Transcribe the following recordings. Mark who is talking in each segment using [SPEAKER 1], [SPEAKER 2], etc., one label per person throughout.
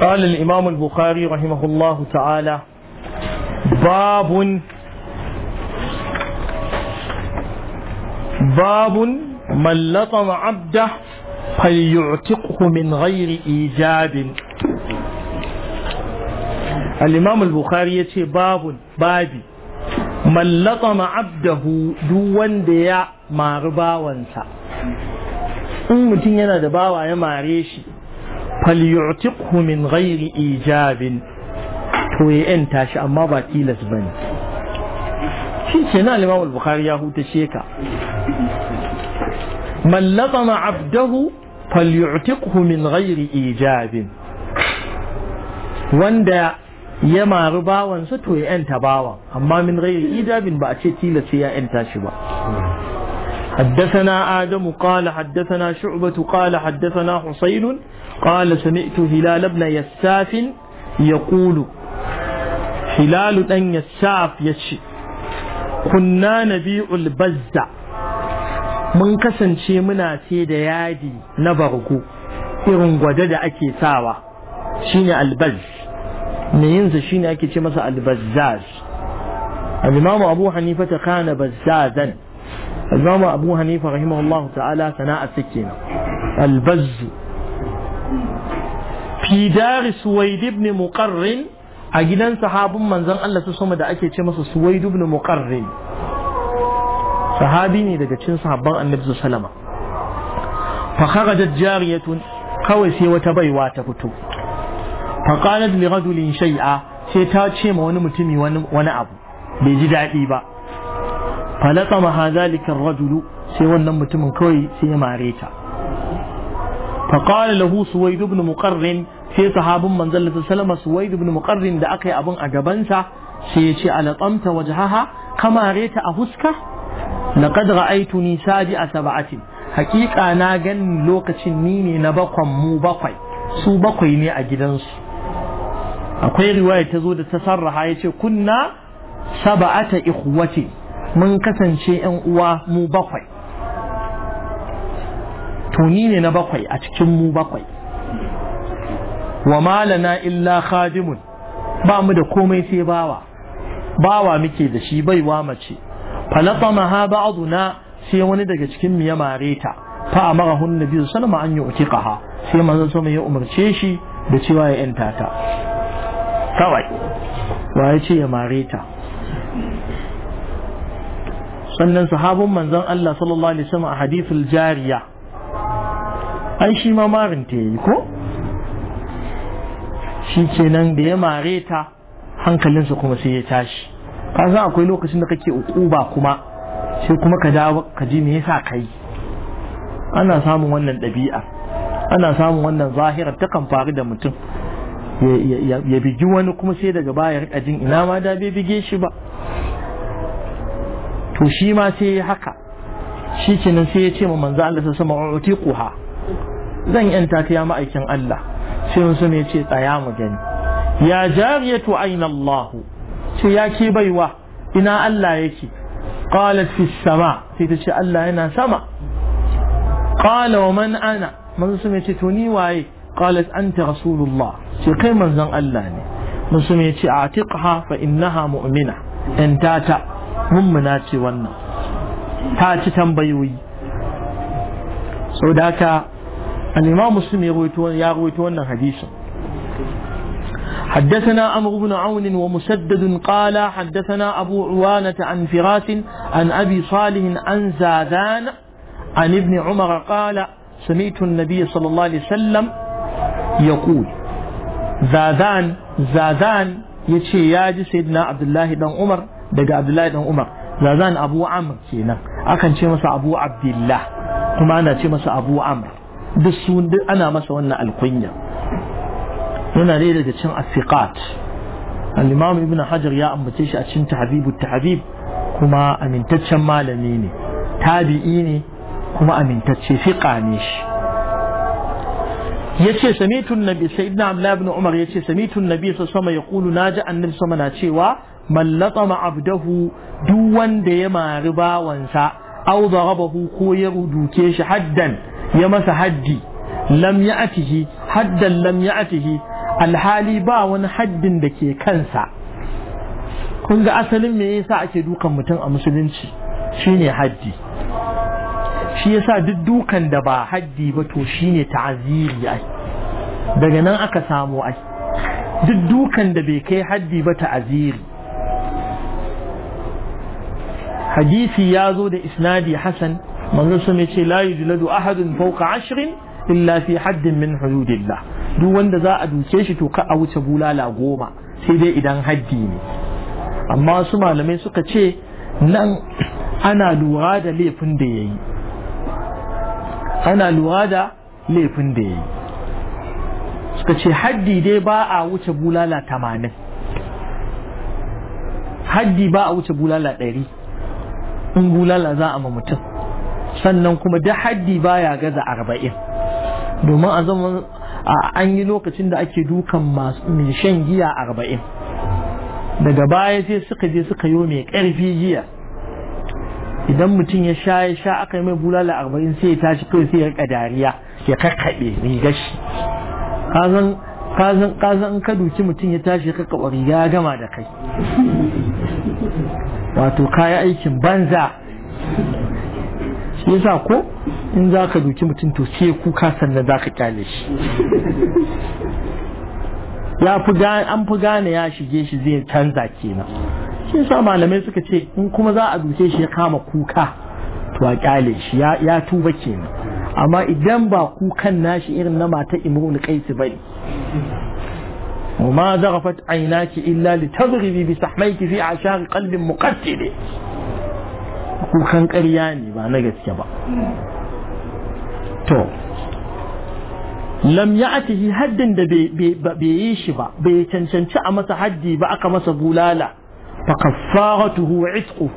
[SPEAKER 1] قال الإمام البخاري رحمه الله تعالى باب باب من لطم عبده فليعتقه من غير إيجاب الإمام البخاري يتي باب بابي mallatama abdahu duk wanda ya mari bawansa in mutum yana da bawa ya mare shi falyu'tiqhu min ghairi ijabin to ya yanta shi amma ba tilas bane shi ce na Imam bukhari ya huta sheka mallatama abdahu falyu'tiqhu min ghairi ijabin wanda ya mari bawansa to ya yanta bawan amma min ghairi idabin ba a ce tilasta ya yanta shi ba حدثنا آدم قال حدثنا شعبة قال حدثنا حسين قال سمعت هلال ابن يساف يقول هلال أن يساف يشي كنا نبيع البزة من كسن شي منا سيد يادي نبرقو إرن ودد أكي ساوى شين البز mai yinsa shine ake ce masa albazzaz al-imamu abu hanifa ta kana bazzazan al-imamu abu hanifa rahimahullahu ta'ala sana'a take albazzu fi dari suwaid ibn muqarrin a gidan sahabin manzon Allah su sama da ake ce masa suwaid ibn muqarrin sahabi ne daga cikin sahabban annabi sallama fa kharajat jariyatun kawai sai wata baiwa ta fito faqalat li rajulin shay'a sai ta ce ma wani mutumi wani abu bai ji daɗi ba falatama hadhalika ar-rajulu sai wannan mutumin kawai sai ya mare ta faqala lahu suwaid ibn muqarrin sai sahabin manzon Allah sallallahu alaihi suwaid ibn muqarrin da aka yi abun a gabansa sai ya ce alatamta wajhaha kamare ta a huska laqad ra'aytuni saji a sab'atin haƙiƙa na gani lokacin ni ne na bakwan mu bakwai su bakwai ne a gidansu akwai riwaya ta zo da ta sarraha ya ce kunna saba'ata ikhwati mun kasance yan uwa mu bakwai to ni ne na bakwai a cikin mu bakwai wa malana illa khadimun ba mu da komai sai bawa bawa muke da shi baiwa mace falatama ha ba'duna sai wani daga cikin mu ya mare ta fa amara hun nabi sallallahu alaihi wasallam an yu'tiqaha sai manzon sama ya umarce shi da cewa ya yanta ta kawai wa ya ce ya mare ta sannan sahabin manzon Allah sallallahu alaihi wasallam a hadithul jariya ai shi ma marin ta yi ko shi nan da ya mare ta hankalinsa kuma sai ya tashi ka san akwai lokacin da kake ukuba kuma sai kuma ka dawo ka ji me yasa kai ana samun wannan ɗabi'a ana samun wannan zahira ta kan faru da mutum ya bigi wani kuma sai daga baya rika jin ina ma da bai bige shi ba to shi ma sai ya haka shi kenan sai ya ce ma manzo Allah sai sama utiquha zan yanta ta ya ma'aikin Allah sai mun sun ya ce tsaya mu gani ya jariyatu aina Allah ce ya ke baiwa ina Allah yake qalat fi sama sai ta ce Allah yana sama qala wa man ana manzo sun ya ce to ni waye قالت أنت رسول الله سيقيم من زن الله مسلم يتي أعتقها فإنها مؤمنة إن تاتا ممناتي ونا تاتي تنبيوي سوداكا الإمام مسلم يروي تونا حديثا حدثنا أمر بن عون ومسدد قال حدثنا أبو عوانة عن فراس عن أبي صالح عن زاذان عن ابن عمر قال سمعت النبي صلى الله عليه وسلم yaqul zazan zazan ce ya ji sayyidina abdullahi dan umar daga abdullahi dan umar zazan abu amr kenan akan ce masa abu abdullah kuma ana ce masa abu amr duk sun duk ana masa wannan alkunya yana dai daga cin asiqat al-imam ibn hajar ya ambace shi a cikin tahbibu tahbib kuma amintaccen malami ne tabi'i ne kuma amintacce fiqa ne shi yace samitu nabi sayyidina abdullah ibn umar yace samitu nabi sama yaqulu naji annabi sama na cewa mallata ma'abdahu abdahu duk wanda ya mari bawansa aw darabahu ko ya duke shi haddan ya masa haddi lam ya'tihi haddan lam ya'tihi alhali ba wani haddin da ke kansa kun ga asalin me yasa ake dukan mutum a musulunci shine haddi shi yasa duk dukan da ba haddi ba to shine ta'aziri ai daga nan aka samu ai duk dukan da bai kai haddi ba ta'aziri hadisi ya zo da isnadi hasan manzo sun ce la yujladu ahadun fawqa ashrin illa fi haddin min hududillah duk wanda za a duke shi to ka a wuce bulala goma sai dai idan haddi ne amma su malamai suka ce nan ana lura da laifin da yayi ana lura da laifin da ya yi suka ce haddi dai ba a wuce bulala tamanin haddi ba a wuce bulala ɗari in bulala za a ma mutum sannan kuma da haddi ba ya gaza arba'in domin a zama an yi lokacin da ake dukan mai shan giya arba'in daga baya sai suka je suka yi mai ƙarfi giya idan mutum ya sha ya sha aka yi mai bulala arba'in sai ya tashi kawai sai ya rika dariya ya kakkaɓe rigar shi kazan kazan kazan in ka duki mutum ya tashi ya kakkaɓe riga ya gama da kai wato kaya aikin banza shi yasa ko in za ka duki mutum to sai kuka sannan za ka kyale shi ya fi an fi gane ya shige shi zai canza kenan shi yasa malamai suka ce in kuma za a duke shi ya kama kuka to a kyale shi ya tuba kenan amma idan ba kukan nashi irin na mata imrul qais bane وما زغفت عيناك إلا لتضربي بسحميك في أعشاق قلب مقتل kukan ƙarya ne ba na gaske ba to lam ya haddin da bai yi shi ba bai cancanci a masa haddi ba aka masa bulala فكفارته عتقه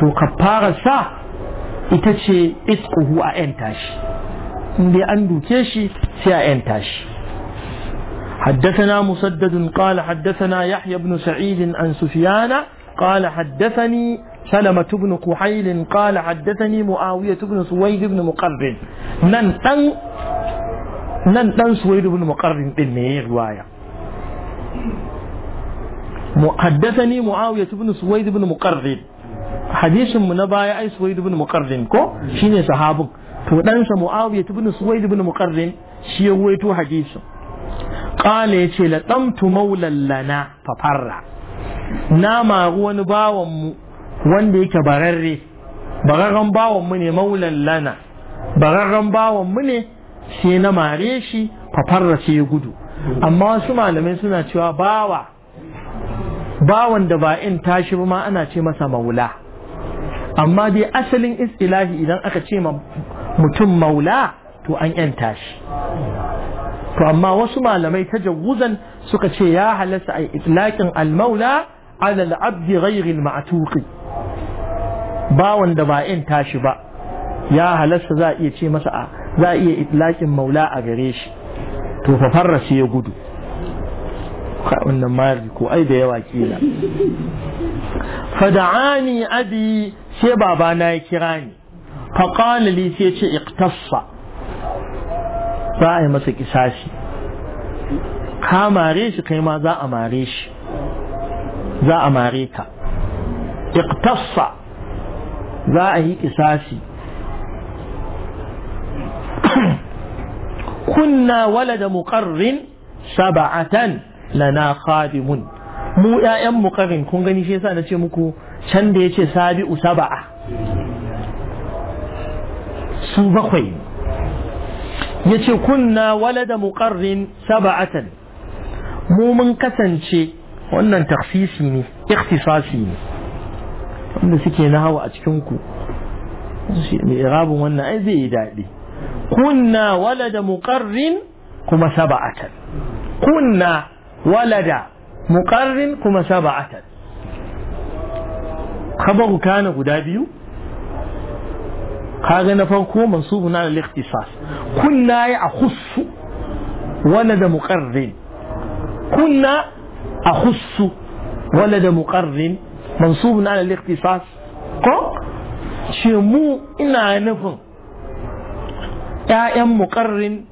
[SPEAKER 1] تو كفارة سا إتشي ce itquhu a yan tashi inda حدثنا مسدد قال حدثنا يحيى بن سعيد عن سفيان قال حدثني سلمة بن كحيل قال حدثني معاوية بن سويد بن مقرن نن تن نن تن سويد بن مقرن بن رواية حدثني معاوية بن سويد بن مقرن حديث من بايا أي سويد بن مقرن كو شيني صحابك to ɗansa Mu'awiyah ibn Suwaid ibn Muqarrin shi ya waito hadisin qala yace la tamtu maulan lana fa na maru wani bawan wanda yake bararre bararren bawan mu ne maulan lana bararren bawan mu ne sai na mare shi fa farra sai ya gudu amma wasu malamai suna cewa bawa bawan da ba in tashi ba ma ana ce masa maula amma dai asalin istilahi idan aka ce mutum maula to an yan tashi to amma wasu malamai ta tajawuzan suka ce ya halasta a itlaqin al-maula ala abdi matuqi bawan da ba in tashi ba ya halasta za a iya ce masa za a iya itlaqin maula a gare shi to fa farra ya gudu wannan mari ko ai da yawa kila fada'ani abi sai babana ya kira ni faƙala li sai ce iktassa za a yi masa kisashi ka mare shi kai ma za a mare shi za a mare ka iktassa za a yi kisashi kunna walada muqarrin saba'atan lana khadimun mu ƴaƴan mu karin kun gani shi yasa nace muku can da yace sabi'u saba'a su bakwai yace kunna walada muqarrin saba'atan mu mun kasance wannan takhsisi ne ikhtisasi ne wanda suke na hawa a cikin ku mai irabin wannan ai zai yi daɗi kunna walada muqarrin kuma saba'atan kunna walada muqarrin kuma sab'atan khabaru kana guda biyu kaga na farko mansubun ala al-ikhtisas kunna ya akhussu walada muqarrin kunna akhussu walada muqarrin mansubun ala al-ikhtisas ko ce mu ina nufin ‘ya'yan muƙarrin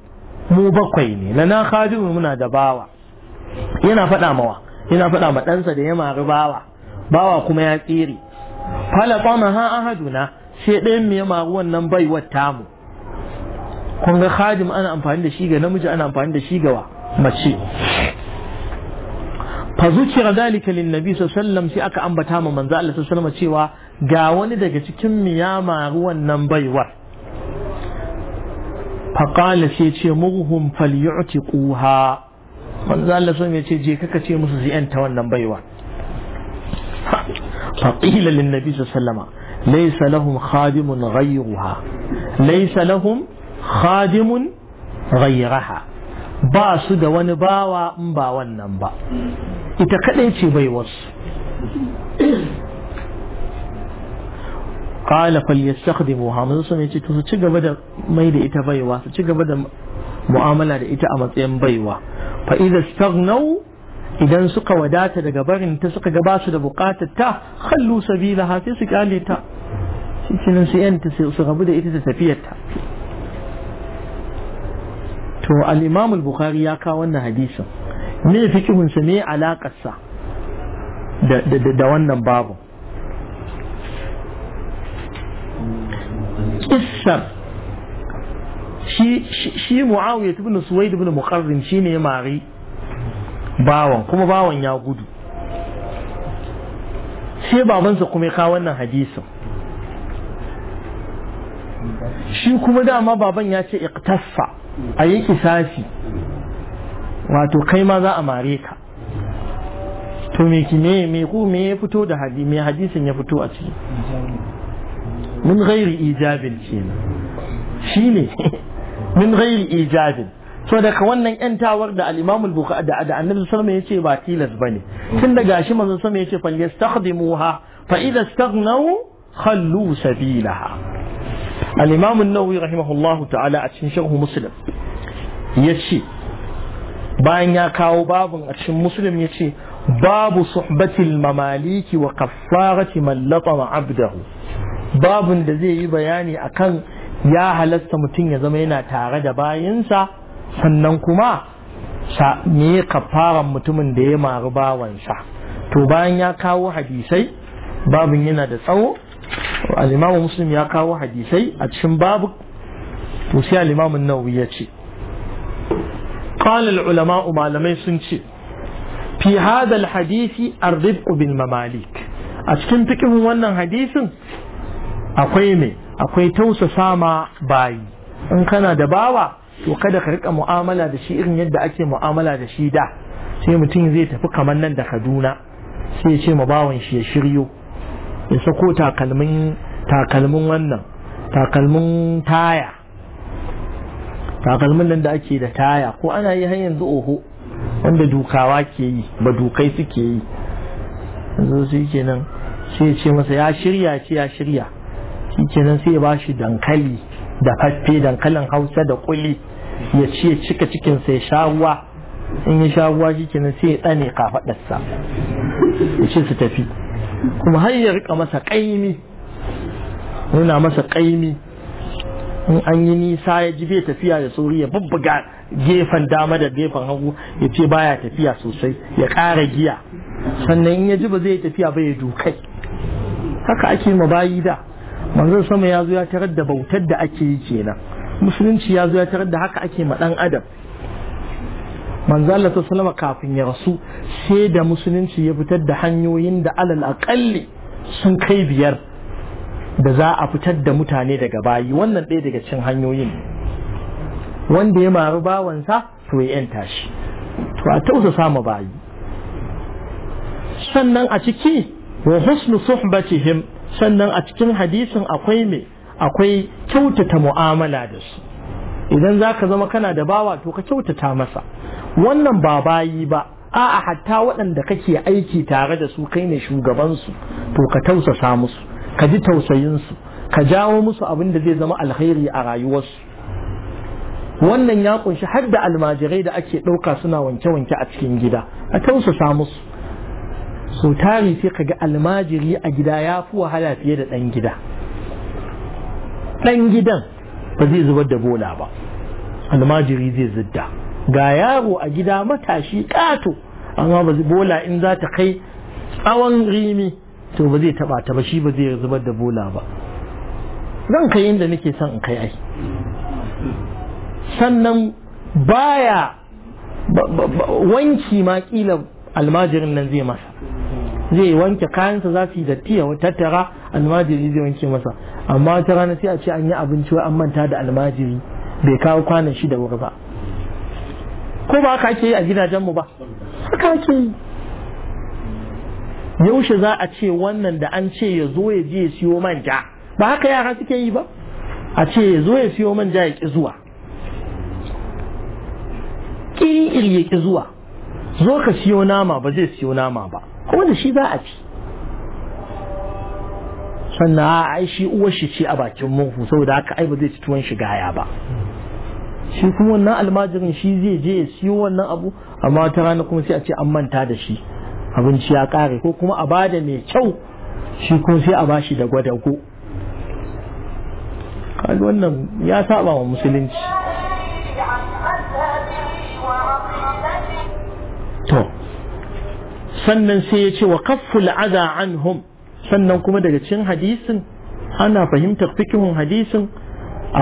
[SPEAKER 1] mu bakwai ne, na na muna da bawa. yana faɗa mawa yana faɗa ma ɗansa da ya mari bawa bawa kuma ya tsere falata ma ha ahaduna sai ɗayan mu ya mari wannan baiwar tamu kun ga khadim ana amfani da shi ga namiji ana amfani da shi ga mace fa zukira dalika lin nabi sallallahu sai aka ambata ma manzo Allah sallallahu cewa ga wani daga cikin mu ya mari wannan baiwar fa qala sai ce mughum falyu'tiquha manzo Allah so ya ce je kaka ce musu su yanta wannan baiwa faqila lin nabi sallama laysa lahum khadimun ghayruha laysa lahum khadimun ghayraha ba su da wani bawa in ba wannan ba ita kadai ce baiwarsu qala falyastakhdimuha manzo so ya ce to su ci gaba da mai da ita baiwa su ci gaba da mu'amala da ita a matsayin baiwa فإذا استغنوا إذا سقى ودات لجبر إن تسقى جباس لبقات التا خلوا سبيلها تسقى لتا شنو سيان تسقى بدا إذا سفية التا تو الإمام البخاري يا كاوانا حديثا ني فيكي من سنة على قصة دوانا بابو قصة shi shi muawiya ibn suwaid ibn muqarrin shine ya mari bawan kuma bawan ya gudu sai babansa kuma ya kawo wannan hadisin shi kuma dama baban ya ce iqtaffa a yi kisasi wato kai ma za a mare ka to me ki me me ku me ya fito da hadi me hadisin ya fito a ciki mun gairi ijabin kenan shine min ghairi ijabin so daga wannan tawar da al-Imam al-Bukhari da Annabi sallallahu yace ba tilas bane tun daga shi manzo sallallahu alaihi yace fal yastakhdimuha fa idza istaghnaw khallu sabilaha al-Imam an-Nawawi rahimahullahu ta'ala a cikin sharh Muslim yace bayan ya kawo babun a cikin Muslim yace babu suhbatil mamaliki wa kaffarati man latama abdahu babun da zai yi bayani akan ya halasta mutum ya zama yana tare da bayansa sannan kuma me kafaran mutumin da ya maru bawansa to bayan ya kawo hadisai babin yana da tsawo al'imamu muslim ya kawo hadisai a cikin babu to sai al'imamun nawawi ya ce qala ulama malamai sun ce fi hadha hadisi ar bil mamalik a cikin fiqhin wannan hadisin akwai mai akwai tausa sama bayi in kana da bawa to kada ka rika mu'amala da shi irin yadda ake mu'amala da shi da sai mutum zai tafi kamar nan da kaduna sai ya ce ma bawan shi ya shiryo ya sako takalmin takalmin wannan takalmin taya takalmin nan da ake da taya ko ana yi har yanzu oho wanda dukawa ke yi ba dukai suke yi yanzu su ke nan sai ce masa ya shirya ce ya shirya kenan sai ya shi dankali da fafe dankalin hausa da kuli ya ci ya cika cikinsa ya sha ruwa in ya shawuwa ruwa shi kenan sai ya tsane kafaɗarsa ya ce su tafi kuma har ya rika masa ƙaimi nuna masa ƙaimi in an yi nisa ya ji bai tafiya da sauri ya bubbuga gefen dama da gefen hagu ya ce baya tafiya sosai ya ƙara giya sannan in ya ji ba zai tafiya ba ya dukai haka ake ma bayi da manzon sama ya zo ya tarar da bautar da ake yi kenan musulunci ya zo ya tarar da haka ake ma adam manzo Allah ta salama kafin ya rasu sai da musulunci ya fitar da hanyoyin da alal aƙalli sun kai biyar da za a fitar da mutane daga bayi wannan ɗaya daga cin hanyoyin wanda ya maru bawansa to ya yanta shi to a tausa sama bayi sannan a ciki wa husnu suhbatihim sannan a cikin hadisin akwai me akwai kyautata mu'amala da su idan za ka zama kana da bawa to ka kyautata masa wannan ba bayi ba a'a hatta waɗanda kake aiki tare da su kai ne shugabansu to ka tausasa musu ka ji tausayinsu ka jawo musu abin da zai zama alheri a rayuwarsu wannan ya kunshi har da almajirai da ake ɗauka suna wanke-wanke a cikin gida a tausasa musu so tari sai kaga almajiri a gida ya fi wahala fiye da ɗan gida ɗan gidan ba zai zubar da bola ba almajiri zai zidda ga yaro a gida matashi ƙato amma ba bola in za ta kai tsawon rimi to ba zai taɓa ta ba shi ba zai zubar da bola ba zan kai inda nake son in kai ai sannan baya wanki ma kila almajirin nan zai masa zai wanke kayansa za su yi datti ya tattara almajiri zai wanke masa amma wata rana sai a ce an yi abinci an manta da almajiri bai kawo kwanan shi da wuri ba ko ba haka ake yi a gidajenmu ba haka ake yi yaushe za a ce wannan da an ce ya zo ya je ya siyo manja ba haka yara suke yi ba a ce ya zo ya siyo manja ya ki zuwa kiri ya ki zuwa zo ka siyo nama ba zai siyo nama ba kuma da shi za a ci sannan a ai shi uwar shi ce a bakin murhu saboda haka ai ba zai ci tuwon shi gaya ba shi kuma wannan almajirin shi zai je ya siyo wannan abu amma ta rana kuma sai a ce an manta da shi abinci ya kare ko kuma a ba da mai kyau shi kuma sai a ba shi da gwadago kaga wannan ya saba wa musulunci sannan sai ya ce wa kafful aza anhum sannan kuma daga cikin hadisin ana fahimtar fikihun hadisin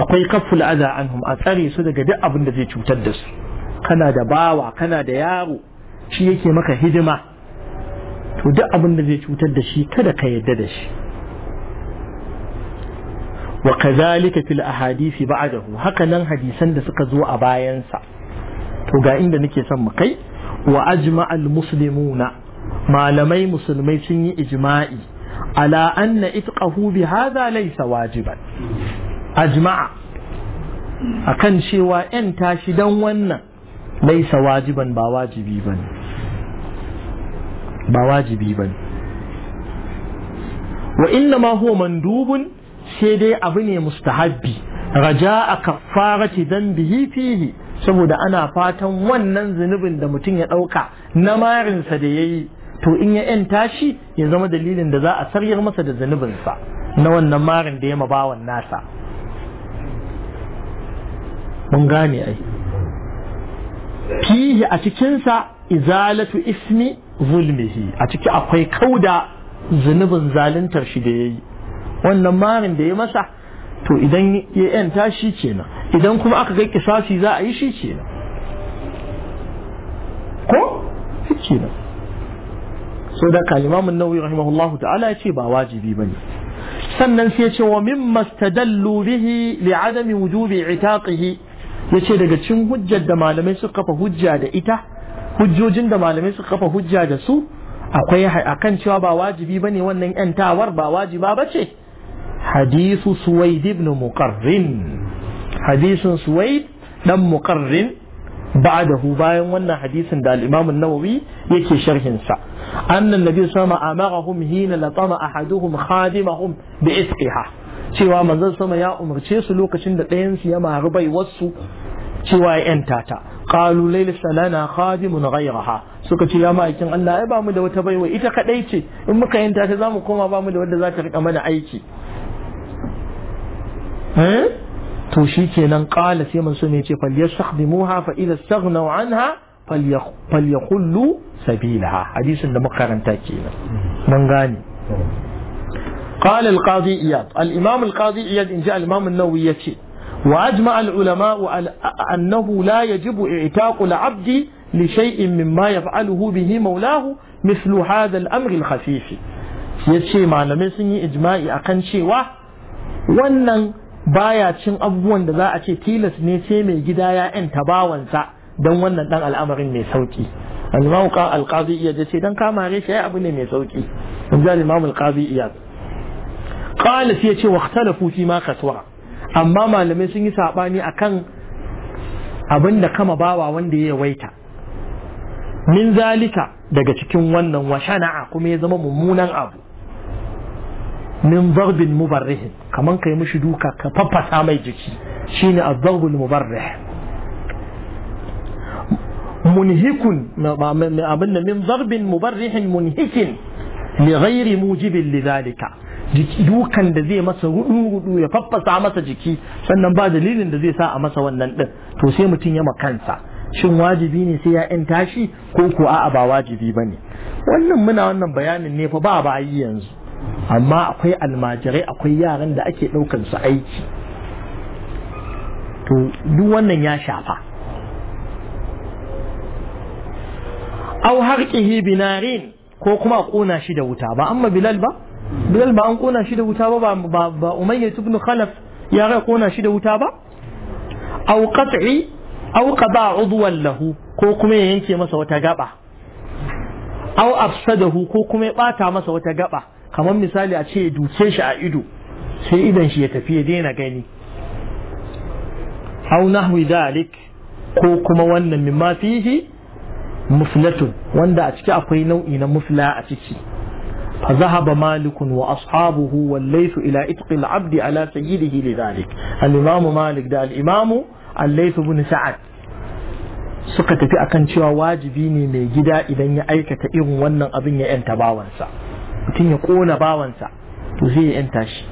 [SPEAKER 1] akwai kafful aza anhum a tsare su daga duk abin da zai cutar da su kana da bawa kana da yaro shi yake maka hidima to duk abin da zai cutar da shi kada ka yarda da shi wa kazalika fil ahadisi ba'dahu haka nan hadisan da suka zo a bayansa to ga inda nake son mu kai wa ajma'al muslimuna malamai musulmai sun yi ijma'i ala anna itqahu bi hadha laysa wajiban ajma'a akan cewa yan tashi dan wannan laysa wajiban ba wajibi bane ba wajibi bane wa inna ma huwa mandubun sai dai abu ne mustahabbi raja'a dan bihi fihi saboda ana fatan wannan zunubin da mutum ya ɗauka na marinsa da yayi to in ya yanta shi ya zama dalilin da za a saryar masa da zanubinsa na wannan marin da ya mabawan nasa mun gane ai fihi a cikinsa izalatu ismi zulmihi a ciki akwai kauda zunubin zaluntar shi da ya yi wannan marin da ya masa to idan ya yanta shi kenan idan kuma aka ga kisasi za a yi shi kenan ko shi kenan so da ka imamu nawawi ta'ala ya ce ba wajibi bane sannan sai ya ce wa mimma stadallu bihi li'adami wujubi itaqihi yace daga cikin hujjar da malamai suka kafa hujja da ita hujjojin da malamai suka kafa hujja da su akwai akan cewa ba wajibi bane wannan yantawar ba wajiba bace hadisu suwaid ibn muqarrin hadisin suwaid dan muqarrin ba'dahu bayan wannan hadisin da al-imam an-nawawi yake sharhin sa أن النبي صلى الله عليه وسلم أمرهم حين لطم أحدهم خادمهم بإسقها cewa manzon sama ya umarce su lokacin da ɗayansu ya mari bai wasu cewa ya ‘yanta ta ƙalu lailisa lana khadimun ghairaha suka ce ya ma'aikin Allah ya bamu da wata baiwa ita kaɗai ce in muka ‘yanta ta za mu koma bamu mu da wadda za riƙa mana aiki to shi kenan ƙala sai manzo ne ce falyastahdimuha fa idza staghnaw anha falyaqullu سبيلها حديث ده مقارن تاكينا من غاني قال القاضي إياد الإمام القاضي إياد إن جاء الإمام النووي يتي وأجمع العلماء أنه لا يجب اعتاق العبد لشيء مما يفعله به مولاه مثل هذا الأمر الخفيف يتي ما لم يسني أقن شيء wannan baya cin abubuwan da za a ce tilas ne sai mai gida ya 'yan tabawansa don wannan dan al'amarin mai sauki al-mawqa al-qadi ya ce dan ka mare shi abu ne mai sauki in ji al-imam al-qadi ya qala sai yace ce fi ma kaswa amma malamai sun yi sabani akan abin da kama bawa wanda ya yawaita min zalika daga cikin wannan wa shana'a kuma ya zama mummunan abu min zarbin mubarrihin kaman kai mushi duka ka faffasa mai jiki shine az-zarbul mubarrih munhikun abin da min zarbin mubarrihin munhikin li ghairi mujibin lidhalika dukan da zai masa hudu hudu ya faffasa masa jiki sannan ba dalilin da zai sa a masa wannan din to sai mutum ya makansa shin wajibi ne sai ya yan tashi ko ko a'a ba wajibi bane wannan muna wannan bayanin ne fa ba ba yi yanzu amma akwai almajirai akwai yaran da ake ɗaukar su aiki to duk wannan ya shafa aw harqihi binarin ko kuma a kona shi da wuta ba amma bilal ba bilal ba an kona shi da wuta ba ba ba umayya ibn khalaf ya ga kona shi da wuta ba aw qat'i aw qada udwan lahu ko kuma ya yanke masa wata gaba aw afsadahu ko kuma ya bata masa wata gaba kamar misali a ce ya duke shi a ido sai idan shi ya tafi ya daina gani aw nahwi dalik ko kuma wannan mimma fihi muflatun wanda a ciki akwai nau'i na mufla a ciki فذهب مالك وأصحابه والليث إلى إتق العبد على سيده لذلك الإمام مالك ده الإمام الليث بن سعد suka tafi akan cewa wajibi ne mai gida idan ya aikata irin wannan abin ya yanta bawansa mutum ya kona bawansa to zai yanta shi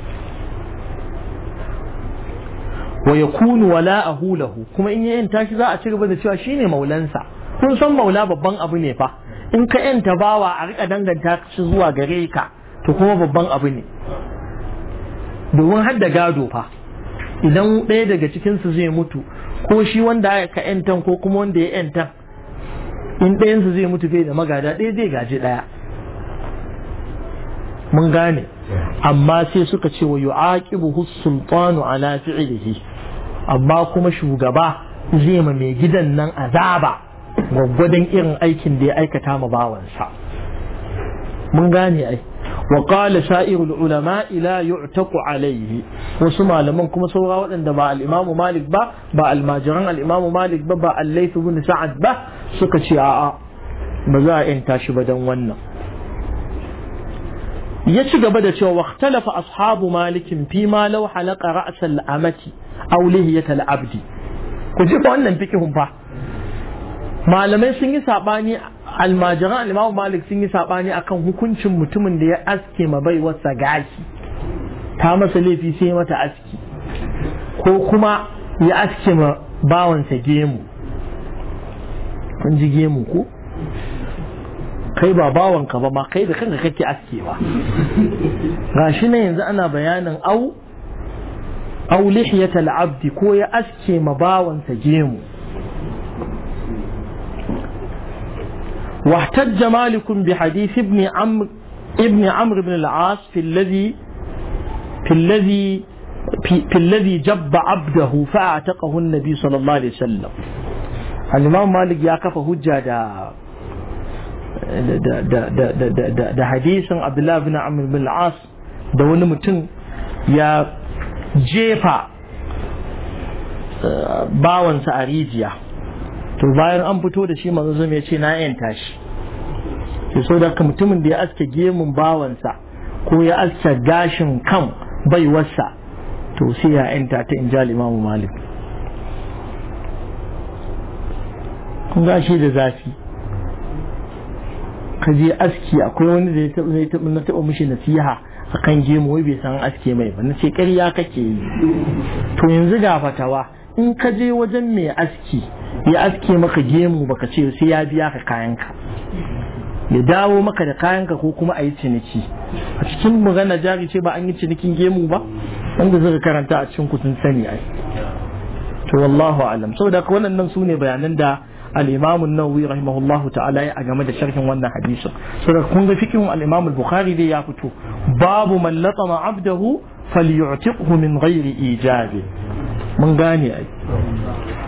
[SPEAKER 1] wa yakunu wala'ahu lahu kuma in ya yanta shi za a ci gaba da cewa shine maulansa kun san maula babban abu ne fa in ka yanta bawa a rika danganta shi zuwa gare ka to kuma babban abu ne domin har da gado fa idan ɗaya daga cikinsu zai mutu ko shi wanda ka yantan ko kuma wanda ya yantan in su zai mutu bai da magada ɗaya zai gaji ɗaya mun gane amma sai suka ce wa yu'aqibu sultanu ala fi'lihi amma kuma shugaba zai ma mai gidan nan azaba gwaggwadon irin aikin da ya aikata ma bawansa mun gane ai wa qala sa'irul ulama la yu'taqu alayhi wasu malaman kuma saura waɗanda ba al-imam malik ba ba almajiran al-imam malik ba ba al-layth ibn sa'ad ba suka ce a'a ba za a yanta shi ba dan wannan ya ci gaba da cewa waqtalafa ashabu malikin fi ma law halaqa ra's amati aw lihiyat al-abdi ku ji wannan fikihun fa malamai sun yi saɓani almajiran alimamu malik sun yi saɓani akan hukuncin mutumin da ya aske ma wasa gashi ta masa laifi sai mata aski ko kuma ya aske ma bawansa gemu kun ji gemu ko kai ba bawanka ba ma kai da kanka kake askewa gashi na yanzu ana bayanin au au lihiyata abdi ko ya aske ma bawansa gemu واحتج مالك بحديث ابن عمرو ابن عمرو بن العاص في الذي في الذي في, في الذي جب عبده فاعتقه النبي صلى الله عليه وسلم الإمام مالك يا كفى هجا دا دا دا دا دا دا دا hadisin abdullahi bin دا bin al'as da wani دا ya jefa bawansa a rijiya to bayan an fito da shi manzo zama ya ce na yanta tashi. Ke so da mutumin da ya aske gemun bawansa ko ya aske gashin kan baiwarsa to sai ya yanta ta in ja limamu malik kun gashi da zafi ka je aski akwai wani da ya taɓa taɓa mishi nasiha a kan gemu wai bai san aske mai ba na ce ƙarya kake yi to yanzu ga fatawa in ka je wajen mai aski ya aske maka gemu baka ce sai ya biya ka kayanka ya dawo maka da kayanka ko kuma a yi ciniki a cikin magana jari ce ba an yi cinikin gemu ba wanda zai karanta a cikin kutun sani ai to wallahu alam saboda ka waɗannan su ne bayanan da al-imam an-nawawi rahimahullahu ta'ala ya game da sharhin wannan hadisin saboda kun ga fikin al-imam al-bukhari dai ya fito babu man latama abdahu falyu'tiqhu min ghairi ijabi mun gane ai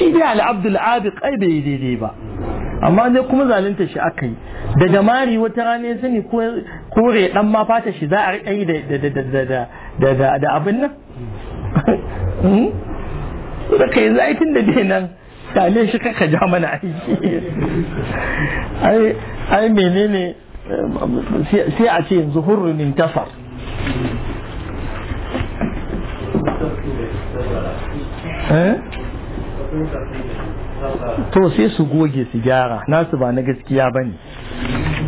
[SPEAKER 1] shi dai al'abdul abiq ai bai daidai ba amma dai kuma zalunta shi aka yi da jamari wata rana ya sani kore dan ma fata shi za a riƙa yi da abin nan hmm? da kai zai tun da dai nan sale shi kaka ja mana aiki ai ai menene sai a ce yanzu hurrumin tafar
[SPEAKER 2] eh to sai
[SPEAKER 1] su goge sigara gyara nasu ba na gaskiya bane